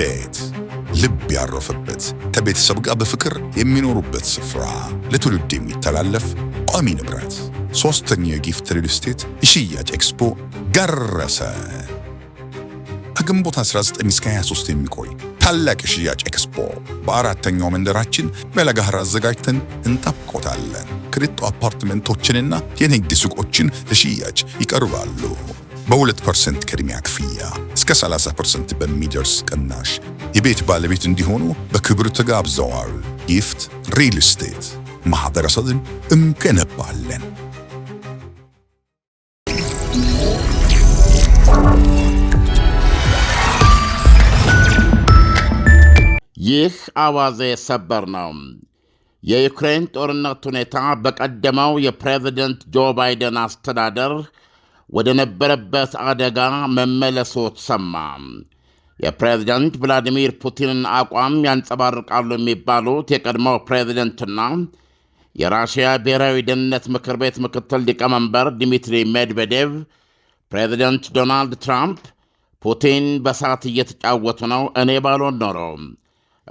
ቤት ልብ ያረፈበት ከቤተሰብ ጋር በፍቅር የሚኖሩበት ስፍራ ለትውልድ የሚተላለፍ ቋሚ ንብረት። ሶስተኛው የጊፍት ሪል ስቴት የሽያጭ ኤክስፖ ደረሰ። ከግንቦት 19 እስከ 23 የሚቆይ ታላቅ የሽያጭ ኤክስፖ በአራተኛው መንደራችን በለጋህር አዘጋጅተን እንጠብቆታለን። ክሪቶ አፓርትመንቶችንና የንግድ ሱቆችን ለሽያጭ ይቀርባሉ። በ2 ፐርሰንት ቅድሚያ ክፍያ እስከ 30 ፐርሰንት በሚደርስ ቅናሽ የቤት ባለቤት እንዲሆኑ በክብር ተጋብዘዋል። ጊፍት ሪል ስቴት ማህበረሰብን እንገነባለን። ይህ አዋዜ ሰበር ነው። የዩክሬን ጦርነት ሁኔታ በቀደመው የፕሬዚደንት ጆ ባይደን አስተዳደር ወደ ነበረበት አደጋ መመለሶ ሰማ። የፕሬዝደንት ቭላዲሚር ፑቲንን አቋም ያንጸባርቃሉ የሚባሉት የቀድሞው ፕሬዝደንትና የራሽያ ብሔራዊ ደህንነት ምክር ቤት ምክትል ሊቀመንበር ዲሚትሪ ሜድቬዴቭ ፕሬዝደንት ዶናልድ ትራምፕ ፑቲን በሰዓት እየተጫወቱ ነው፣ እኔ ባልሆን ኖሮ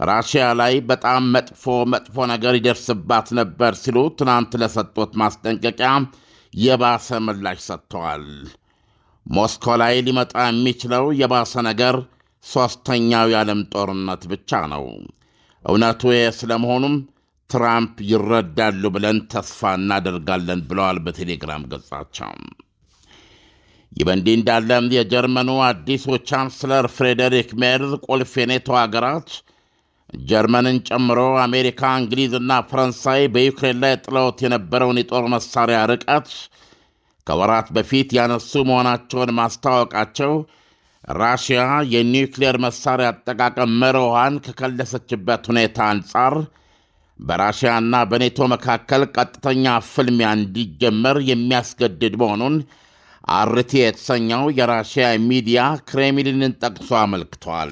ራሽያ ላይ በጣም መጥፎ መጥፎ ነገር ይደርስባት ነበር ሲሉ ትናንት ለሰጡት ማስጠንቀቂያ የባሰ ምላሽ ሰጥተዋል። ሞስኮ ላይ ሊመጣ የሚችለው የባሰ ነገር ሦስተኛው የዓለም ጦርነት ብቻ ነው። እውነቱ ይህ ስለመሆኑም ትራምፕ ይረዳሉ ብለን ተስፋ እናደርጋለን ብለዋል በቴሌግራም ገጻቸው። ይህ በእንዲህ እንዳለም የጀርመኑ አዲሱ ቻንስለር ፍሬደሪክ ሜርዝ ቁልፍ የኔቶ አገራት ጀርመንን ጨምሮ አሜሪካ፣ እንግሊዝና ፈረንሳይ በዩክሬን ላይ ጥለውት የነበረውን የጦር መሳሪያ ርቀት ከወራት በፊት ያነሱ መሆናቸውን ማስታወቃቸው ራሽያ የኒውክሌር መሳሪያ አጠቃቀም መርዋን ከከለሰችበት ሁኔታ አንጻር በራሽያና በኔቶ መካከል ቀጥተኛ ፍልሚያ እንዲጀመር የሚያስገድድ መሆኑን አርቲ የተሰኘው የራሽያ ሚዲያ ክሬምሊንን ጠቅሶ አመልክቷል።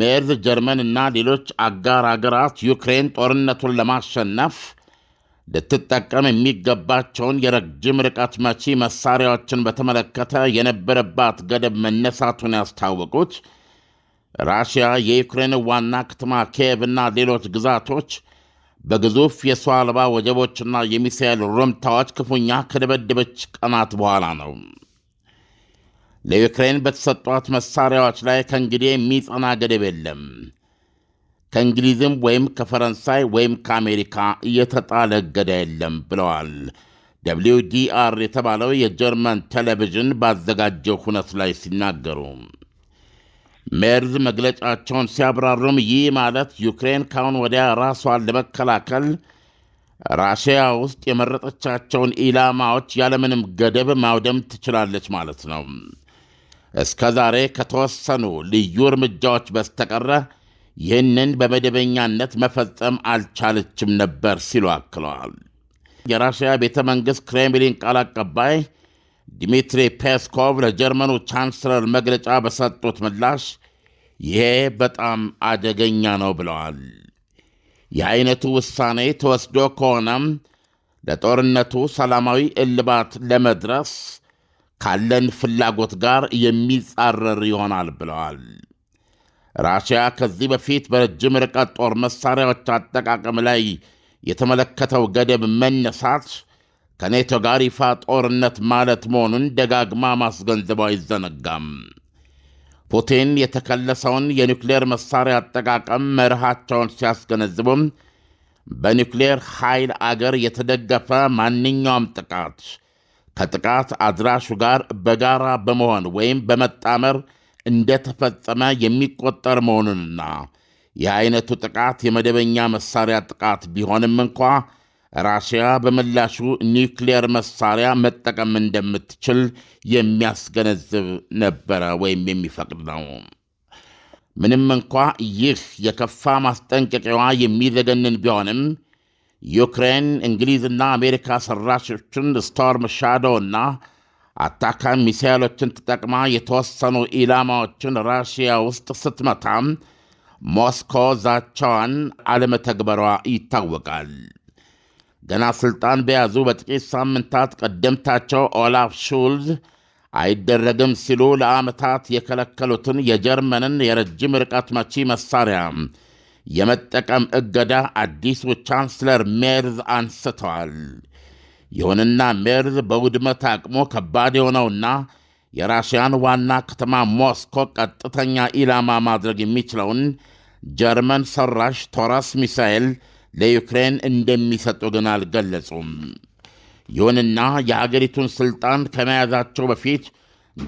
ሜርዝ ጀርመን እና ሌሎች አጋር አገራት ዩክሬን ጦርነቱን ለማሸነፍ ልትጠቀም የሚገባቸውን የረጅም ርቀት መቺ መሳሪያዎችን በተመለከተ የነበረባት ገደብ መነሳቱን ያስታወቁት ራሽያ የዩክሬን ዋና ከተማ እና ሌሎች ግዛቶች በግዙፍ የሰው አልባ ወጀቦችና የሚሳኤል ሩምታዎች ክፉኛ ከደበደበች ቀናት በኋላ ነው። ለዩክሬን በተሰጧት መሳሪያዎች ላይ ከእንግዲህ የሚጸና ገደብ የለም። ከእንግሊዝም ወይም ከፈረንሳይ ወይም ከአሜሪካ እየተጣለ እገዳ የለም ብለዋል። ደብሊው ዲአር የተባለው የጀርመን ቴሌቪዥን ባዘጋጀው ሁነት ላይ ሲናገሩ ሜርዝ መግለጫቸውን ሲያብራሩም ይህ ማለት ዩክሬን ካሁን ወዲያ ራሷን ለመከላከል ራሽያ ውስጥ የመረጠቻቸውን ኢላማዎች ያለምንም ገደብ ማውደም ትችላለች ማለት ነው። እስከ ዛሬ ከተወሰኑ ልዩ እርምጃዎች በስተቀረ ይህንን በመደበኛነት መፈጸም አልቻለችም ነበር ሲሉ አክለዋል። የራሽያ ቤተ መንግሥት ክሬምሊን ቃል አቀባይ ዲሚትሪ ፔስኮቭ ለጀርመኑ ቻንስለር መግለጫ በሰጡት ምላሽ ይሄ በጣም አደገኛ ነው ብለዋል። የአይነቱ ውሳኔ ተወስዶ ከሆነም ለጦርነቱ ሰላማዊ እልባት ለመድረስ ካለን ፍላጎት ጋር የሚጻረር ይሆናል ብለዋል። ራሽያ ከዚህ በፊት በረጅም ርቀት ጦር መሣሪያዎች አጠቃቀም ላይ የተመለከተው ገደብ መነሳት ከኔቶ ጋር ይፋ ጦርነት ማለት መሆኑን ደጋግማ ማስገንዘቡ አይዘነጋም። ፑቲን የተከለሰውን የኒውክሌር መሣሪያ አጠቃቀም መርሃቸውን ሲያስገነዝቡም በኒውክሌር ኃይል አገር የተደገፈ ማንኛውም ጥቃት ከጥቃት አድራሹ ጋር በጋራ በመሆን ወይም በመጣመር እንደተፈጸመ የሚቆጠር መሆኑንና ይህ አይነቱ ጥቃት የመደበኛ መሳሪያ ጥቃት ቢሆንም እንኳ ራሽያ በምላሹ ኒውክሌር መሳሪያ መጠቀም እንደምትችል የሚያስገነዝብ ነበረ ወይም የሚፈቅድ ነው። ምንም እንኳ ይህ የከፋ ማስጠንቀቂያዋ የሚዘገንን ቢሆንም ዩክሬን እንግሊዝና አሜሪካ ሰራሾችን ስቶርም ሻዶ እና አታካም ሚሳይሎችን ተጠቅማ የተወሰኑ ኢላማዎችን ራሽያ ውስጥ ስትመታ ሞስኮ ዛቻዋን አለመተግበሯ ይታወቃል። ገና ሥልጣን በያዙ በጥቂት ሳምንታት ቀደምታቸው ኦላፍ ሹልዝ አይደረግም ሲሉ ለዓመታት የከለከሉትን የጀርመንን የረጅም ርቀት መቺ መሣሪያ የመጠቀም እገዳ አዲሱ ቻንስለር ሜርዝ አንስተዋል። ይሁንና ሜርዝ በውድመት አቅሞ ከባድ የሆነውና የራሽያን ዋና ከተማ ሞስኮ ቀጥተኛ ኢላማ ማድረግ የሚችለውን ጀርመን ሰራሽ ቶራስ ሚሳኤል ለዩክሬን እንደሚሰጡ ግን አልገለጹም። ይሁንና የአገሪቱን ሥልጣን ከመያዛቸው በፊት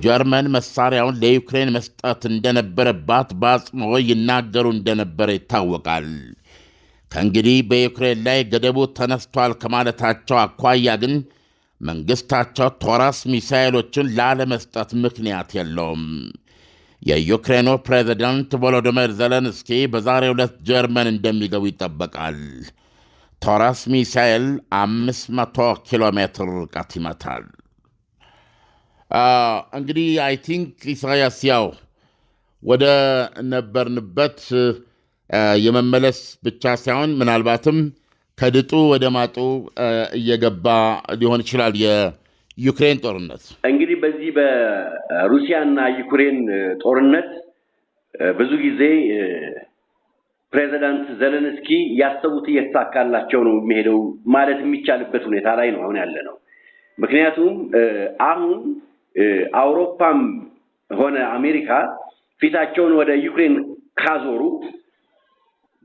ጀርመን መሳሪያውን ለዩክሬን መስጠት እንደነበረባት በአጽንኦ ይናገሩ እንደነበረ ይታወቃል። ከእንግዲህ በዩክሬን ላይ ገደቡ ተነስቷል ከማለታቸው አኳያ ግን መንግሥታቸው ቶራስ ሚሳይሎችን ላለመስጠት ምክንያት የለውም። የዩክሬኑ ፕሬዚደንት ቮሎዲሚር ዘለንስኪ በዛሬ ዕለት ጀርመን እንደሚገቡ ይጠበቃል። ቶራስ ሚሳኤል 500 ኪሎ ሜትር ርቀት ይመታል። እንግዲህ አይ ቲንክ ኢሳያስ ያው ወደ ነበርንበት የመመለስ ብቻ ሳይሆን ምናልባትም ከድጡ ወደ ማጡ እየገባ ሊሆን ይችላል። የዩክሬን ጦርነት እንግዲህ በዚህ በሩሲያና ዩክሬን ጦርነት ብዙ ጊዜ ፕሬዚዳንት ዘለንስኪ ያሰቡት እየተሳካላቸው ነው የሚሄደው ማለት የሚቻልበት ሁኔታ ላይ ነው አሁን ያለ ነው። ምክንያቱም አሁን አውሮፓም ሆነ አሜሪካ ፊታቸውን ወደ ዩክሬን ካዞሩ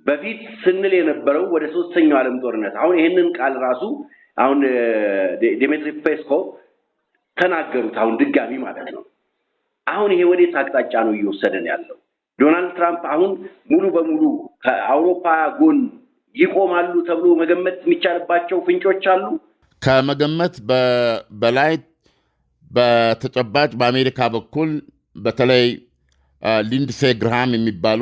በፊት ስንል የነበረው ወደ ሶስተኛው ዓለም ጦርነት አሁን ይህንን ቃል ራሱ አሁን ዲሚትሪ ፔስኮቭ ተናገሩት። አሁን ድጋሚ ማለት ነው። አሁን ይሄ ወዴት አቅጣጫ ነው እየወሰደን ያለው? ዶናልድ ትራምፕ አሁን ሙሉ በሙሉ ከአውሮፓ ጎን ይቆማሉ ተብሎ መገመት የሚቻልባቸው ፍንጮች አሉ። ከመገመት በላይ በተጨባጭ በአሜሪካ በኩል በተለይ ሊንድሴ ግርሃም የሚባሉ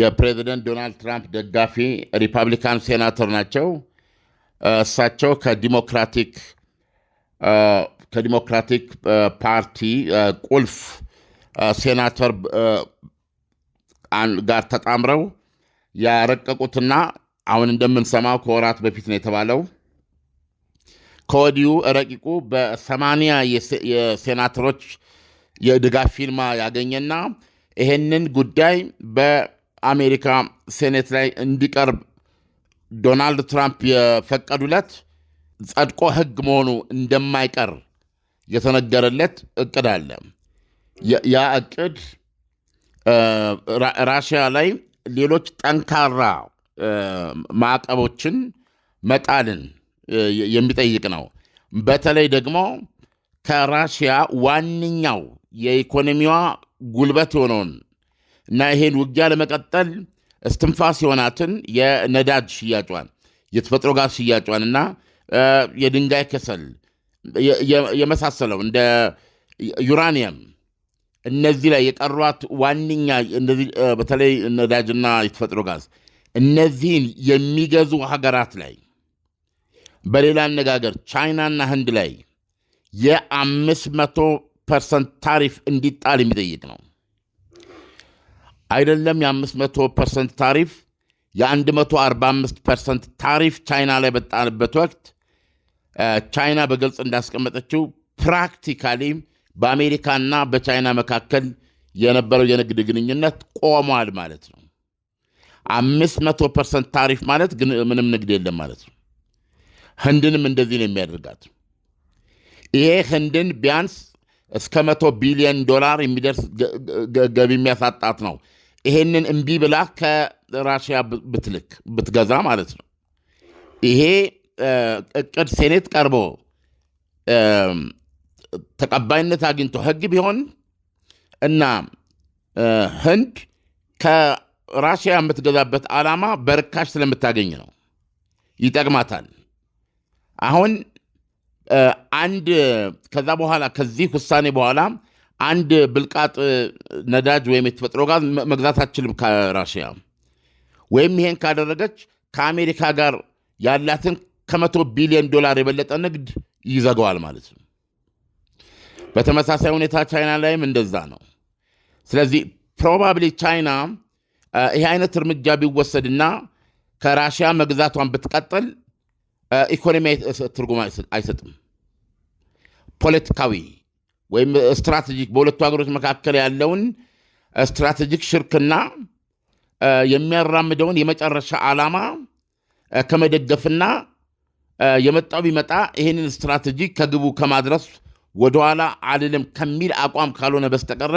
የፕሬዚደንት ዶናልድ ትራምፕ ደጋፊ ሪፐብሊካን ሴናተር ናቸው። እሳቸው ከዲሞክራቲክ ፓርቲ ቁልፍ ሴናተር ጋር ተጣምረው ያረቀቁትና አሁን እንደምንሰማው ከወራት በፊት ነው የተባለው ከወዲሁ ረቂቁ በሰማንያ የሴናተሮች የድጋፍ ፊርማ ያገኘና ይህንን ጉዳይ በአሜሪካ ሴኔት ላይ እንዲቀርብ ዶናልድ ትራምፕ የፈቀዱለት ጸድቆ ሕግ መሆኑ እንደማይቀር የተነገረለት እቅድ አለ። ያ እቅድ ራሽያ ላይ ሌሎች ጠንካራ ማዕቀቦችን መጣልን የሚጠይቅ ነው። በተለይ ደግሞ ከራሽያ ዋነኛው የኢኮኖሚዋ ጉልበት የሆነውን እና ይሄን ውጊያ ለመቀጠል እስትንፋስ የሆናትን የነዳጅ ሽያጯን፣ የተፈጥሮ ጋዝ ሽያጯን እና የድንጋይ ከሰል የመሳሰለው እንደ ዩራኒየም እነዚህ ላይ የቀሯት ዋነኛ በተለይ ነዳጅና የተፈጥሮ ጋዝ እነዚህን የሚገዙ ሀገራት ላይ በሌላ አነጋገር ቻይናና ህንድ ላይ የአምስት መቶ ፐርሰንት ታሪፍ እንዲጣል የሚጠይቅ ነው። አይደለም የአምስት መቶ ፐርሰንት ታሪፍ የ145 ፐርሰንት ታሪፍ ቻይና ላይ በጣልበት ወቅት ቻይና በግልጽ እንዳስቀመጠችው ፕራክቲካሊ በአሜሪካና በቻይና መካከል የነበረው የንግድ ግንኙነት ቆሟል ማለት ነው። አምስት መቶ ፐርሰንት ታሪፍ ማለት ግን ምንም ንግድ የለም ማለት ነው። ህንድንም እንደዚህ ነው የሚያደርጋት። ይሄ ህንድን ቢያንስ እስከ መቶ ቢሊዮን ዶላር የሚደርስ ገቢ የሚያሳጣት ነው። ይሄንን እምቢ ብላ ከራሽያ ብትልክ ብትገዛ ማለት ነው። ይሄ እቅድ ሴኔት ቀርቦ ተቀባይነት አግኝቶ ህግ ቢሆን እና ህንድ ከራሽያ የምትገዛበት ዓላማ በርካሽ ስለምታገኝ ነው፣ ይጠቅማታል። አሁን አንድ ከዛ በኋላ ከዚህ ውሳኔ በኋላ አንድ ብልቃጥ ነዳጅ ወይም የተፈጥሮ ጋዝ መግዛት አችልም ከራሽያ ወይም ይሄን ካደረገች ከአሜሪካ ጋር ያላትን ከመቶ ቢሊዮን ዶላር የበለጠ ንግድ ይዘገዋል ማለት ነው። በተመሳሳይ ሁኔታ ቻይና ላይም እንደዛ ነው። ስለዚህ ፕሮባብሊ ቻይና ይህ አይነት እርምጃ ቢወሰድና ከራሽያ መግዛቷን ብትቀጥል ኢኮኖሚ ትርጉም አይሰጥም። ፖለቲካዊ ወይም ስትራቴጂክ በሁለቱ ሀገሮች መካከል ያለውን ስትራቴጂክ ሽርክና የሚያራምደውን የመጨረሻ ዓላማ ከመደገፍና የመጣው ቢመጣ ይህንን ስትራቴጂ ከግቡ ከማድረስ ወደኋላ አልልም ከሚል አቋም ካልሆነ በስተቀረ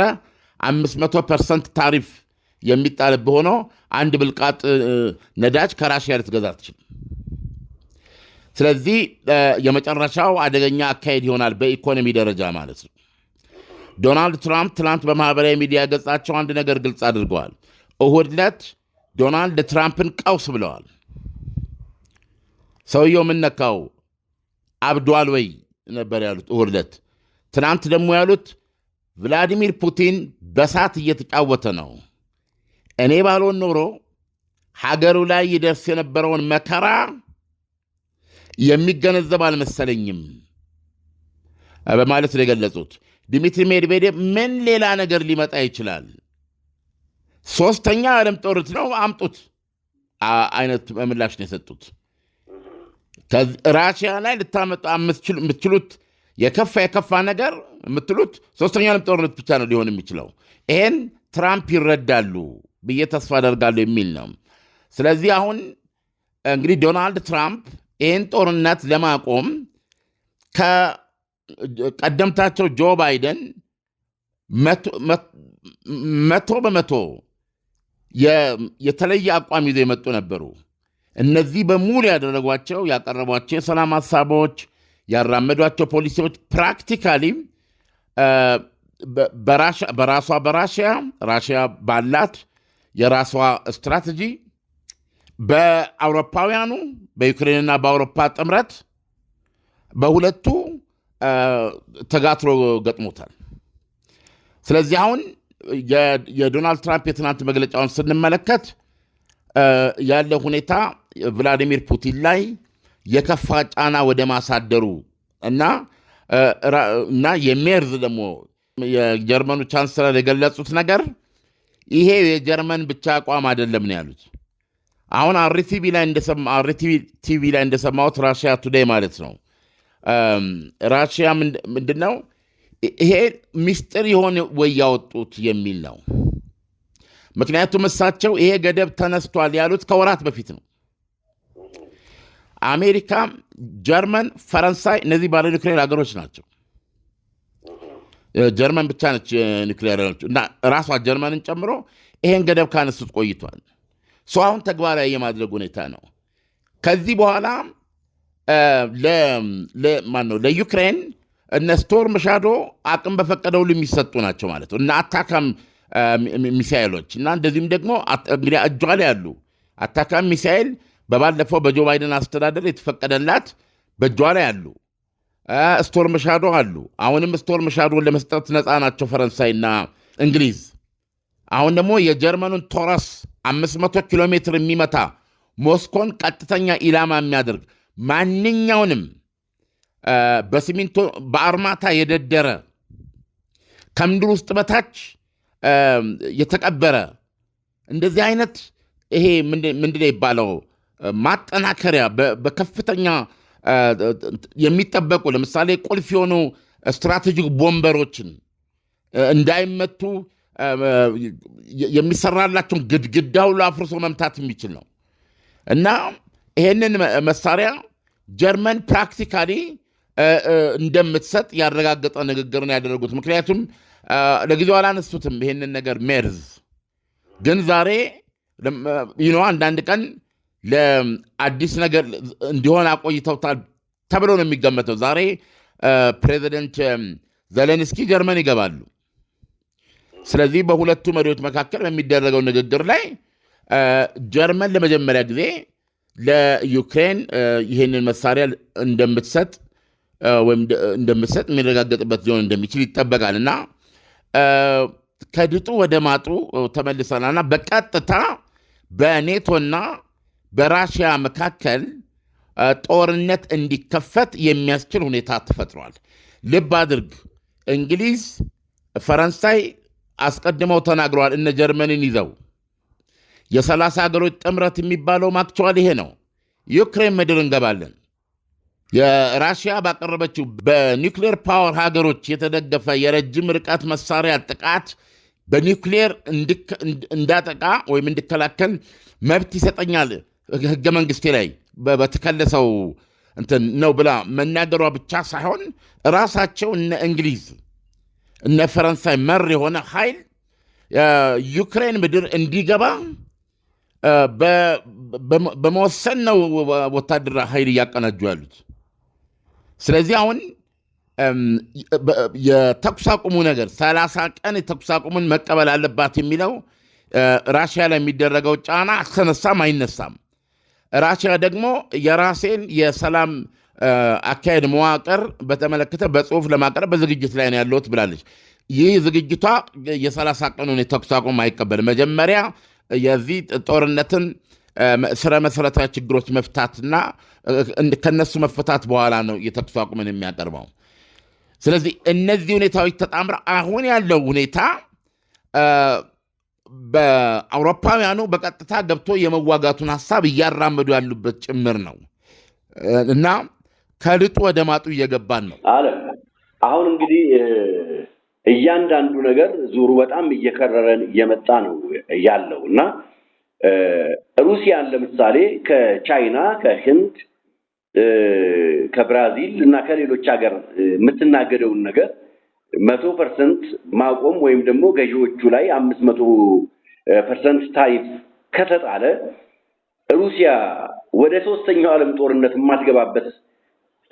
500 ፐርሰንት ታሪፍ የሚጣልብ ሆኖ አንድ ብልቃጥ ነዳጅ ከራሽያ ልትገዛ አትችልም። ስለዚህ የመጨረሻው አደገኛ አካሄድ ይሆናል በኢኮኖሚ ደረጃ ማለት ነው። ዶናልድ ትራምፕ ትናንት በማህበራዊ ሚዲያ ገጻቸው አንድ ነገር ግልጽ አድርገዋል። እሁድ ዕለት ዶናልድ ትራምፕን ቀውስ ብለዋል። ሰውየው የምነካው አብዷል ወይ ነበር ያሉት እሁድ ዕለት። ትናንት ደግሞ ያሉት ቭላዲሚር ፑቲን በሳት እየተጫወተ ነው። እኔ ባልሆን ኖሮ ሀገሩ ላይ ይደርስ የነበረውን መከራ የሚገነዘብ አልመሰለኝም በማለት ነው የገለጹት። ዲሚትሪ ሜድቬዴቭ ምን ሌላ ነገር ሊመጣ ይችላል? ሶስተኛ ዓለም ጦርነት ነው አምጡት አይነት ምላሽ ነው የሰጡት። ራሽያ ላይ ልታመጡ የምትችሉት የከፋ የከፋ ነገር የምትሉት ሶስተኛ ዓለም ጦርነት ብቻ ነው ሊሆን የሚችለው። ይህን ትራምፕ ይረዳሉ ብዬ ተስፋ አደርጋለሁ የሚል ነው። ስለዚህ አሁን እንግዲህ ዶናልድ ትራምፕ ይህን ጦርነት ለማቆም ከቀደምታቸው ጆ ባይደን መቶ በመቶ የተለየ አቋም ይዘው የመጡ ነበሩ። እነዚህ በሙሉ ያደረጓቸው ያቀረቧቸው የሰላም ሀሳቦች ያራመዷቸው ፖሊሲዎች ፕራክቲካሊ በራሷ በራሽያ ራሽያ ባላት የራሷ ስትራቴጂ በአውሮፓውያኑ በዩክሬንና በአውሮፓ ጥምረት በሁለቱ ተጋትሮ ገጥሞታል። ስለዚህ አሁን የዶናልድ ትራምፕ የትናንት መግለጫውን ስንመለከት ያለው ሁኔታ ቭላዲሚር ፑቲን ላይ የከፋ ጫና ወደ ማሳደሩ እና እና የሜርዝ ደግሞ የጀርመኑ ቻንስለር የገለጹት ነገር ይሄ የጀርመን ብቻ አቋም አይደለም ነው ያሉት። አሁን አርቲቪ ላይ ቲቪ ላይ እንደሰማሁት ራሽያ ቱዴይ ማለት ነው። ራሽያ ምንድን ነው ይሄ ሚስጥር የሆነ ወይ ያወጡት የሚል ነው። ምክንያቱም እሳቸው ይሄ ገደብ ተነስቷል ያሉት ከወራት በፊት ነው። አሜሪካ፣ ጀርመን፣ ፈረንሳይ እነዚህ ባለ ኒክሌር ሀገሮች ናቸው። ጀርመን ብቻ ነች ኒውክሌር እና ራሷ ጀርመንን ጨምሮ ይሄን ገደብ ካነሱት ቆይቷል። ሰው አሁን ተግባራዊ የማድረግ ሁኔታ ነው። ከዚህ በኋላ ማነው ለዩክሬን እነ ስቶር መሻዶ አቅም በፈቀደው የሚሰጡ ናቸው ማለት ነው እና አታካም ሚሳይሎች እና እንደዚሁም ደግሞ እንግዲህ እጇ ላይ ያሉ አታካም ሚሳይል በባለፈው በጆ ባይደን አስተዳደር የተፈቀደላት በእጇ ላይ አሉ። ስቶር መሻዶ አሉ። አሁንም ስቶር መሻዶ ለመስጠት ነፃ ናቸው ፈረንሳይና እንግሊዝ። አሁን ደግሞ የጀርመኑን ቶረስ 500 ኪሎ ሜትር የሚመታ ሞስኮን ቀጥተኛ ኢላማ የሚያደርግ ማንኛውንም በሲሚንቶ በአርማታ የደደረ ከምድር ውስጥ በታች የተቀበረ እንደዚህ አይነት ይሄ ምንድን ይባለው ማጠናከሪያ በከፍተኛ የሚጠበቁ ለምሳሌ ቁልፍ የሆኑ ስትራቴጂክ ቦምበሮችን እንዳይመቱ የሚሰራላቸውን ግድግዳው ለአፍርሶ መምታት የሚችል ነው እና ይህንን መሳሪያ ጀርመን ፕራክቲካሊ እንደምትሰጥ ያረጋገጠ ንግግርን ያደረጉት። ምክንያቱም ለጊዜው አላነሱትም ይህንን ነገር ሜርዝ ግን ዛሬ ይኖ አንዳንድ ቀን ለአዲስ ነገር እንዲሆን አቆይተውታል ተብሎ ነው የሚገመተው። ዛሬ ፕሬዚደንት ዘለንስኪ ጀርመን ይገባሉ። ስለዚህ በሁለቱ መሪዎች መካከል በሚደረገው ንግግር ላይ ጀርመን ለመጀመሪያ ጊዜ ለዩክሬን ይህንን መሳሪያ እንደምትሰጥ ወይም እንደምትሰጥ የሚረጋገጥበት ሊሆን እንደሚችል ይጠበቃል እና ከድጡ ወደ ማጡ ተመልሰናልና በቀጥታ በኔቶና በራሽያ መካከል ጦርነት እንዲከፈት የሚያስችል ሁኔታ ተፈጥሯል። ልብ አድርግ፣ እንግሊዝ፣ ፈረንሳይ አስቀድመው ተናግረዋል። እነ ጀርመንን ይዘው የሰላሳ ሀገሮች ጥምረት የሚባለው ማክቸዋል ይሄ ነው። ዩክሬን ምድር እንገባለን። የራሽያ ባቀረበችው በኒውክሌር ፓወር ሀገሮች የተደገፈ የረጅም ርቀት መሳሪያ ጥቃት በኒውክሌር እንዳጠቃ ወይም እንድከላከል መብት ይሰጠኛል ህገ መንግስቴ ላይ በተከለሰው እንትን ነው ብላ መናገሯ ብቻ ሳይሆን ራሳቸው እነ እንግሊዝ እነ ፈረንሳይ መር የሆነ ኃይል ዩክሬን ምድር እንዲገባ በመወሰን ነው ወታደራዊ ኃይል እያቀናጁ ያሉት። ስለዚህ አሁን የተኩስ አቁሙ ነገር ሰላሳ ቀን የተኩስ አቁሙን መቀበል አለባት የሚለው ራሽያ ላይ የሚደረገው ጫና አልተነሳም፣ አይነሳም። ራሽያ ደግሞ የራሴን የሰላም አካሄድ መዋቅር በተመለከተ በጽሁፍ ለማቅረብ በዝግጅት ላይ ነው ያለሁት ብላለች። ይህ ዝግጅቷ የሰላሳ ቀኑን የተኩስ አቁም አይቀበልም። መጀመሪያ የዚህ ጦርነትን ስረ መሰረታዊ ችግሮች መፍታትና ከነሱ መፈታት በኋላ ነው የተኩስ አቁምን የሚያቀርበው። ስለዚህ እነዚህ ሁኔታዎች ተጣምረ አሁን ያለው ሁኔታ በአውሮፓውያኑ በቀጥታ ገብቶ የመዋጋቱን ሀሳብ እያራመዱ ያሉበት ጭምር ነው እና ከልጡ ወደ ማጡ እየገባን ነው አለ። አሁን እንግዲህ እያንዳንዱ ነገር ዙሩ በጣም እየከረረን እየመጣ ነው ያለው እና ሩሲያን ለምሳሌ ከቻይና፣ ከህንድ፣ ከብራዚል እና ከሌሎች ሀገር የምትናገደውን ነገር መቶ ፐርሰንት ማቆም ወይም ደግሞ ገዢዎቹ ላይ አምስት መቶ ፐርሰንት ታሪፍ ከተጣለ ሩሲያ ወደ ሶስተኛው ዓለም ጦርነት የማትገባበት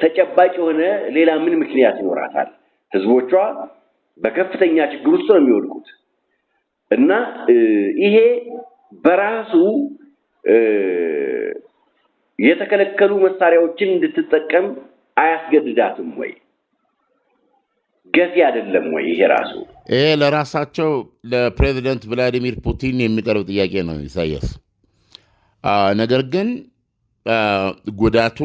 ተጨባጭ የሆነ ሌላ ምን ምክንያት ይኖራታል? ህዝቦቿ በከፍተኛ ችግር ውስጥ ነው የሚወድቁት እና ይሄ በራሱ የተከለከሉ መሳሪያዎችን እንድትጠቀም አያስገድዳትም ወይ? ገፊ አይደለም ወይ? ይሄ ራሱ ይሄ ለራሳቸው ለፕሬዚደንት ቭላዲሚር ፑቲን የሚቀርብ ጥያቄ ነው ኢሳያስ። ነገር ግን ጉዳቱ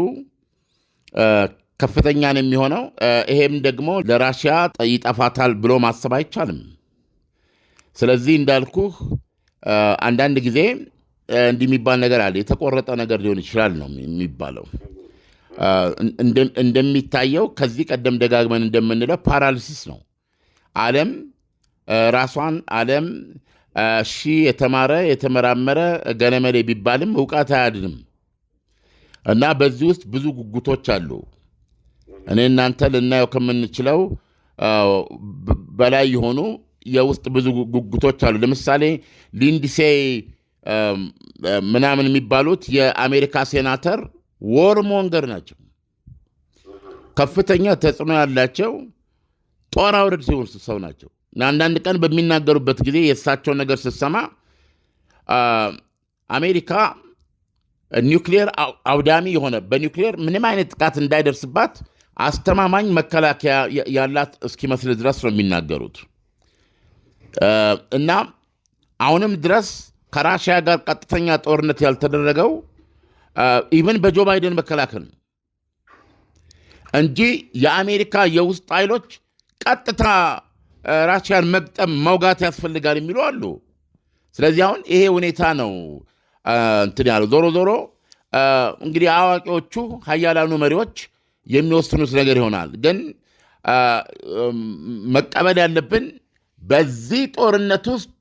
ከፍተኛ ነው የሚሆነው። ይሄም ደግሞ ለራሽያ ይጠፋታል ብሎ ማሰብ አይቻልም። ስለዚህ እንዳልኩህ አንዳንድ ጊዜ እንዲህ የሚባል ነገር አለ። የተቆረጠ ነገር ሊሆን ይችላል ነው የሚባለው። እንደሚታየው ከዚህ ቀደም ደጋግመን እንደምንለው ፓራሊሲስ ነው። ዓለም ራሷን ዓለም ሺ የተማረ የተመራመረ ገለመሌ ቢባልም እውቀት አያድንም። እና በዚህ ውስጥ ብዙ ጉጉቶች አሉ። እኔ እናንተ ልናየው ከምንችለው በላይ የሆኑ የውስጥ ብዙ ጉጉቶች አሉ። ለምሳሌ ሊንድሴ ምናምን የሚባሉት የአሜሪካ ሴናተር ወርሞንገር ናቸው። ከፍተኛ ተጽዕኖ ያላቸው ጦር አውረድ ሲሆን ሰው ናቸው። አንዳንድ ቀን በሚናገሩበት ጊዜ የእሳቸው ነገር ስትሰማ አሜሪካ ኒውክሌር አውዳሚ የሆነ በኒውክሌር ምንም አይነት ጥቃት እንዳይደርስባት አስተማማኝ መከላከያ ያላት እስኪመስል ድረስ ነው የሚናገሩት እና አሁንም ድረስ ከራሽያ ጋር ቀጥተኛ ጦርነት ያልተደረገው ኢቨን በጆ ባይደን መከላከል ነው እንጂ የአሜሪካ የውስጥ ኃይሎች ቀጥታ ራሽያን መግጠም መውጋት ያስፈልጋል የሚሉ አሉ። ስለዚህ አሁን ይሄ ሁኔታ ነው እንትን ያለው ዞሮ ዞሮ እንግዲህ አዋቂዎቹ ሀያላኑ መሪዎች የሚወስኑት ነገር ይሆናል። ግን መቀበል ያለብን በዚህ ጦርነት ውስጥ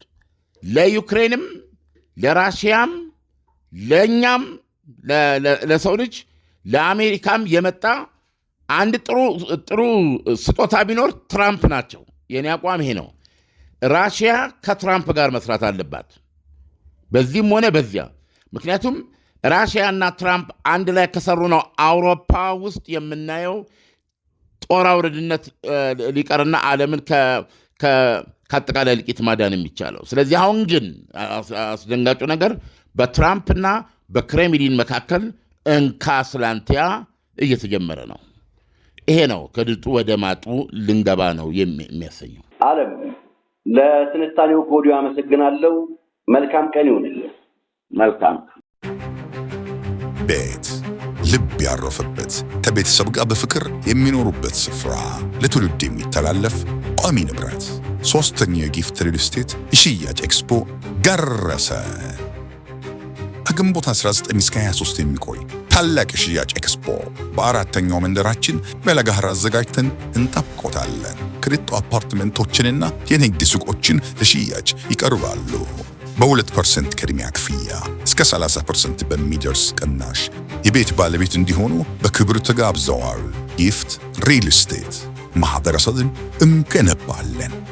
ለዩክሬንም ለራሽያም ለእኛም ለሰው ልጅ ለአሜሪካም የመጣ አንድ ጥሩ ስጦታ ቢኖር ትራምፕ ናቸው። የኔ አቋም ይሄ ነው። ራሽያ ከትራምፕ ጋር መስራት አለባት። በዚህም ሆነ በዚያ። ምክንያቱም ራሽያና ትራምፕ አንድ ላይ ከሰሩ ነው አውሮፓ ውስጥ የምናየው ጦር አውርድነት ሊቀርና ዓለምን ከአጠቃላይ እልቂት ማዳን የሚቻለው። ስለዚህ አሁን ግን አስደንጋጩ ነገር በትራምፕና በክሬምሊን መካከል እንካ ስላንቲያ እየተጀመረ ነው። ይሄ ነው ከድጡ ወደ ማጡ ልንገባ ነው የሚያሰኘው። ዓለም ለትንታኔው ከወዲሁ አመሰግናለሁ። መልካም ቀን ይሁንልን። መልካም ቤት ልብ ያረፈበት ከቤተሰብ ጋር በፍቅር የሚኖሩበት ስፍራ ለትውልድ የሚተላለፍ ቋሚ ንብረት። ሶስተኛው የጊፍት ሪል ስቴት የሽያጭ ኤክስፖ ደረሰ። ከግንቦት 19 እስከ 23 የሚቆይ ታላቅ የሽያጭ ኤክስፖ በአራተኛው መንደራችን በለጋህር አዘጋጅተን እንጠብቆታለን። ክሪቶ አፓርትመንቶችንና የንግድ ሱቆችን ለሽያጭ ይቀርባሉ። በ2% ቅድሚያ ክፍያ እስከ 30% በሚደርስ ቅናሽ የቤት ባለቤት እንዲሆኑ በክብር ተጋብዘዋል። ጊፍት ሪል ስቴት ማህበረሰብን እንገነባለን።